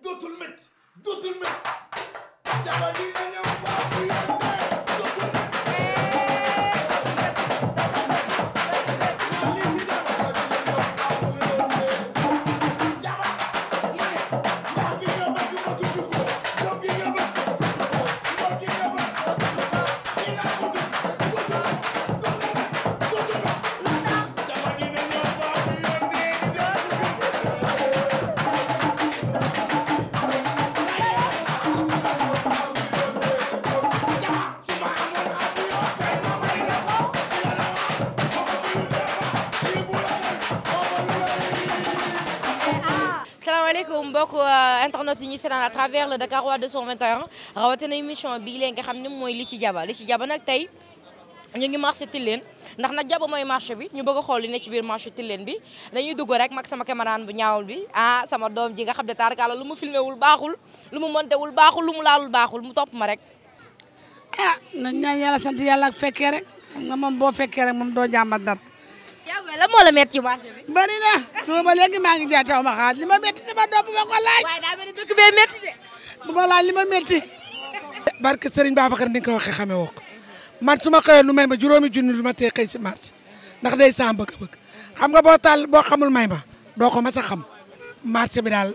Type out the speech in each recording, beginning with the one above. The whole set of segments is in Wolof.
dootul métti dootul métti jabar ji na ñëw baax mbokk euh, internet yi ñuy seetaan à travers le Dakarois 221 rawatina émission bii leen nga xam ne mooy li ci jaba li ci jaba nag tey ñu ngi marché Tilène ndax na jaba mooy marché bi ñu bëgg a xool li ne ci biir marché Tilène bi dañuy dugg rek mak sama caméraman bu ñaawul bi ah sama doom ji nga xam ne taarkaala lu mu filmé wul baaxul lu mu monté wul baaxul lu mu laalul baaxul mu topp ma rek. na ah, nañu ñaan yàlla sant yàlla ak fekkee rek xam nga moom boo fekkee rek moom doo jàmbat dara. mais lan moo la métti bi. bari na su maa ngi jaay taw ma xaar li ma métti sama dopp ba ko laaj. waaye daa mel ni de. bu ma laaj li ma métti. barke Serigne baa ni nga ko waxee xamee woo ko man su ma xëyoon lu may ma juróomi junni du ma tee xëy si marché ndax day saa bëgg-bëgg xam nga boo taal boo xamul may ma doo ko mas a xam marché bi daal.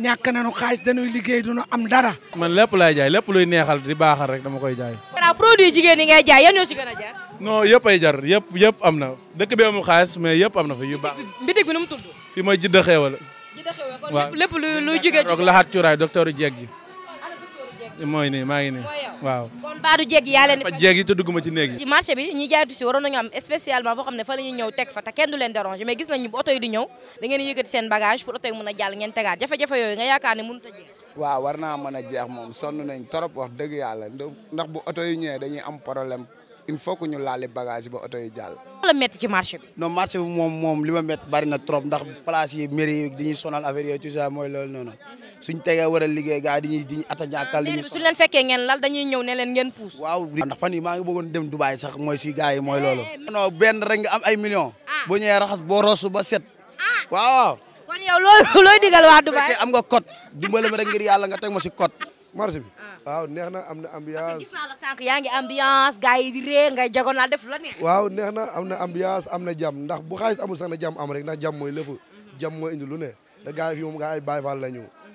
ñàkk nañu xaalis dañuy liggéey duñu am dara. man lépp lay jaay lépp luy neexal di baaxal rek dama koy jaay. voilà produit jigéen yi ngay jaay yan ñoo ci gën a jar. non yëpp ay jar yëpp yëpp am na dëkk bi amul xaalis mais yëpp am na fa yu ba bitig bi nu mu tudd. fi mooy jidda xeewal. jidda xeewal kon lépp lu lu jugee. roog laxaat cuuraay docteur Jeeg mooy nii maa ngi nii. waaw kon baadu jeeg yaa leen fa jeeg yi te marché bi ñi jaay tuuti waroon nañu am spécialement foo ne fa la ñuy ñëw teg kenn leen déranger mais gis nañu bu oto yi di ñëw da ngeen yëkkati seen bagage pour oto yi a a war naa mën a jeex moom sonn nañ trop wax dëgg yàlla ndax bu oto yi ñëwee dañuy am problème il faut que ñu laale bagage ba oto yi jàll la ci marché bi non marché moom moom li ma met bari na trop ndax place yi mairie yi dañuy sonal affaire yooyu tout ça mooy loolu noonu suñ tegee war liggéey gars yi dañuy diñu atañakkal li ñu suñ leen fekkee ngeen lal dañuy ñëw ne leen ngeen puus waaw ndax fan yi maa ngi bëggoon dem Dubaay sax mooy si gars yi mooy eh, loolu non benn rek nga am ay million ah. bu ñëwee raxas boo rosu ba set ah. waaw kon yow waa Dubaay am nga code dimbale ma rek yàlla nga teg ma si code marché bi ah. waaw neex na am na ambiance gis la sànq yaa ngi ambiance gars yi di ree ngay def la waaw neex na am na ambiance am na jam ndax bu xaalis amul sax na jam am rek ndax jàmm mooy lépp mm-hmm. jàmm mooy indi ne da gars yi fi moom gars yi Baay Faal la ñu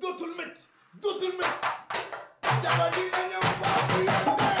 dootul métti dootul métti jabar yi na ñëw baax